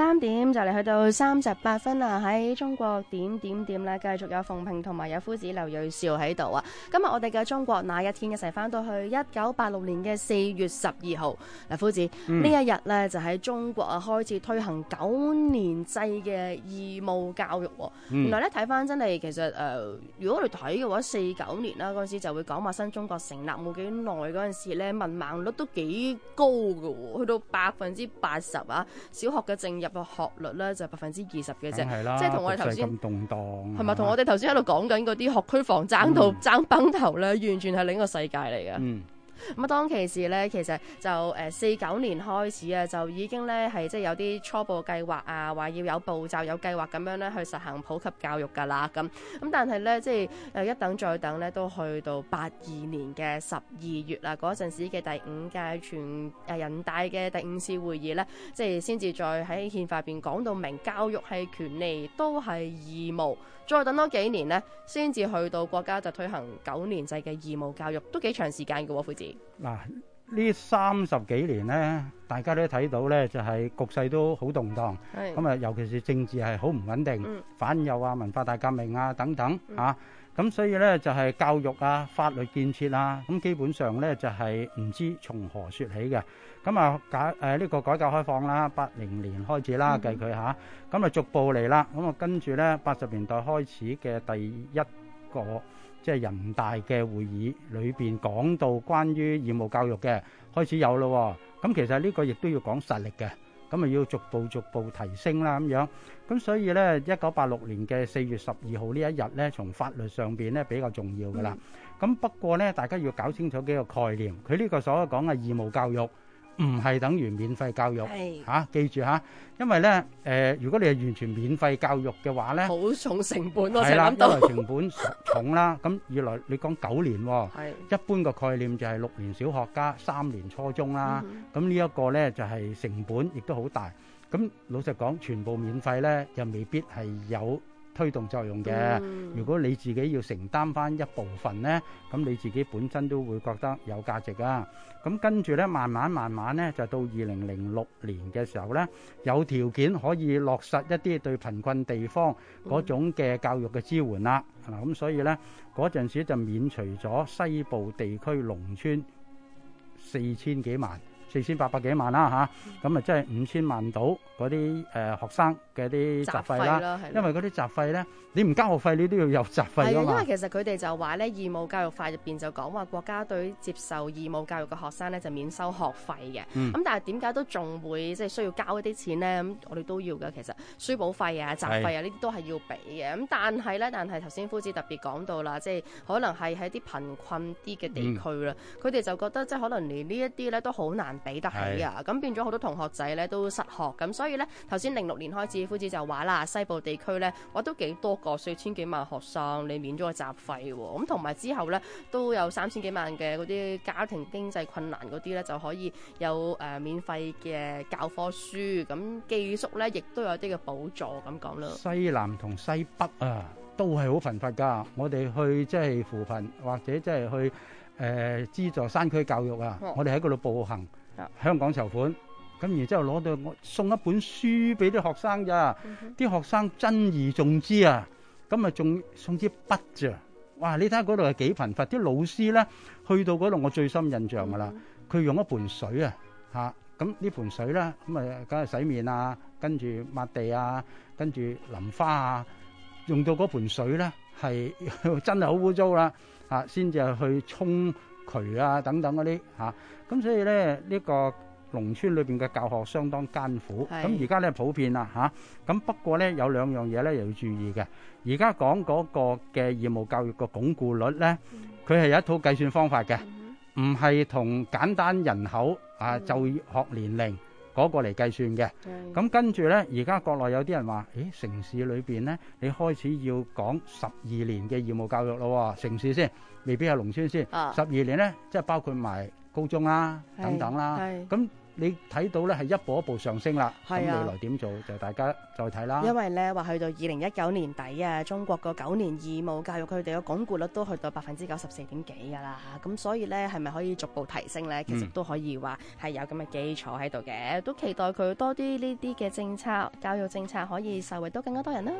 三點就嚟去到三十八分啦！喺中國點點點咧，繼續有鳳萍同埋有夫子劉瑞兆喺度啊！今日我哋嘅中國那一天一齊翻到去一九八六年嘅四月十二號，嗱夫子，呢、嗯、一日咧就喺中國啊開始推行九年制嘅義務教育。嗯、原來咧睇翻真係，其實誒、呃，如果你睇嘅話，四九年啦，陣時就會講話新中國成立冇幾耐陣時咧，文盲率都幾高噶，去到百分之八十啊！小學嘅正入個學率咧就百分之二十嘅啫，啦即係同我哋頭先咁動盪，係咪？同我哋頭先喺度講緊嗰啲學區房爭到爭崩頭咧，完全係另一個世界嚟㗎。嗯咁當其時咧，其實就誒四九年開始啊，就已經咧係即係有啲初步計劃啊，話要有步驟、有計劃咁樣咧去實行普及教育噶啦，咁咁但係咧即係誒一等再等咧，都去到八二年嘅十二月啊，嗰陣時嘅第五屆全誒人大嘅第五次會議咧，即係先至再喺憲法入邊講到明教育係權利都係義務，再等多幾年咧，先至去到國家就推行九年制嘅義務教育，都幾長時間嘅喎，父子。嗱，呢三十幾年咧，大家都睇到咧，就係局勢都好動盪，咁啊，尤其是政治係好唔穩定，反右啊、文化大革命啊等等嚇，咁所以咧就係教育啊、法律建設啊，咁基本上咧就係唔知從何説起嘅。咁啊改誒呢個改革開放啦，八零年開始啦，計佢嚇，咁啊逐步嚟啦，咁啊跟住咧八十年代開始嘅第一。個即係人大嘅會議裏邊講到關於義務教育嘅開始有咯、哦，咁其實呢個亦都要講實力嘅，咁啊要逐步逐步提升啦咁樣，咁所以呢，一九八六年嘅四月十二號呢一日呢，從法律上邊呢比較重要噶啦，咁、嗯、不過呢，大家要搞清楚幾個概念，佢呢個所謂講嘅義務教育。唔係等於免費教育嚇是、啊，記住嚇，因為咧誒、呃，如果你係完全免費教育嘅話咧，好重成本，啊，我成日諗到成本重啦。咁二 來你講九年喎、哦，是一般個概念就係六年小學加三年初中啦。咁、嗯、哼呢一個咧就係、是、成本亦都好大。咁老實講，全部免費咧就未必係有推動作用嘅。如果你自己要承擔返一部分呢，咁你自己本身都會覺得有價值啊。咁跟住呢，慢慢慢慢呢，就到二零零六年嘅時候呢，有條件可以落實一啲對貧困地方嗰種嘅教育嘅支援啦。嗱、嗯，咁所以呢，嗰陣時就免除咗西部地區農村四千幾萬。四千八百幾萬啦吓？咁啊即係五千萬到嗰啲誒學生嘅啲雜費啦，費因為嗰啲雜費咧，你唔交學費你都要有雜費啊嘛。係啊，因為其實佢哋就話咧，義務教育法入邊就講話國家對接受義務教育嘅學生咧，就免收學費嘅。嗯。咁但係點解都仲會即係需要交一啲錢咧？咁我哋都要噶，其實書簿費啊、雜費啊呢啲的都係要俾嘅。咁但係咧，但係頭先夫子特別講到啦，即係可能係喺啲貧困啲嘅地區啦，佢哋，嗯，就覺得即係可能連呢一啲咧都好難。俾得起啊！咁是變咗好多同學仔咧都失學咁，所以咧頭先零六年開始，夫子就話啦，西部地區咧，我都幾多個四千幾萬學生，你免咗個雜費喎、哦。咁同埋之後咧，都有三千幾萬嘅嗰啲家庭經濟困難嗰啲咧，就可以有誒、呃、免費嘅教科書。咁寄宿咧，亦都有啲嘅補助咁講咯。西南同西北啊，都係好貧乏㗎。我哋去即係扶貧，或者即係去誒、呃、資助山區教育啊。嗯、我哋喺嗰度步行。香港籌款，咁然之後攞到我送一本書俾啲學生咋，啲、mm hmm。學生珍而重之啊！咁啊，仲送支筆咋？哇！你睇下嗰度係幾貧乏，啲老師咧去到嗰度，我最深印象噶啦，佢用一盆水啊嚇，咁呢盆水咧咁啊，梗係洗面啊，跟住抹地啊，跟住淋花啊，用到嗰盆水咧係 真係好污糟啦嚇，先、啊、至去沖。渠啊等等嗰啲吓，咁、啊、所以咧呢、呢個農村裏邊嘅教學相當艱苦，咁而家咧普遍啦、啊、吓，咁、啊、不過咧有兩樣嘢咧要注意嘅，而家講嗰個嘅義務教育個鞏固率咧，佢係、嗯、有一套計算方法嘅，唔係同簡單人口啊、嗯、就學年齡。嗰個嚟計算嘅，咁的跟住咧，而家國內有啲人話，誒城市裏邊咧，你開始要講十二年嘅義務教育咯、哦、城市先，未必係農村先。十二、啊、年咧，即係包括埋高中啦、啊，的等等啦、啊，咁的。你睇到咧係一步一步上升啦，係、啊、未來點做就大家再睇啦。因為咧話去到二零一九年底啊，中國個九年義務教育佢哋嘅鞏固率都去到百分之九十四點幾㗎啦，咁所以咧係咪可以逐步提升咧？其實都可以話係有咁嘅基礎喺度嘅，嗯、都期待佢多啲呢啲嘅政策，教育政策可以受惠到更加多人啦。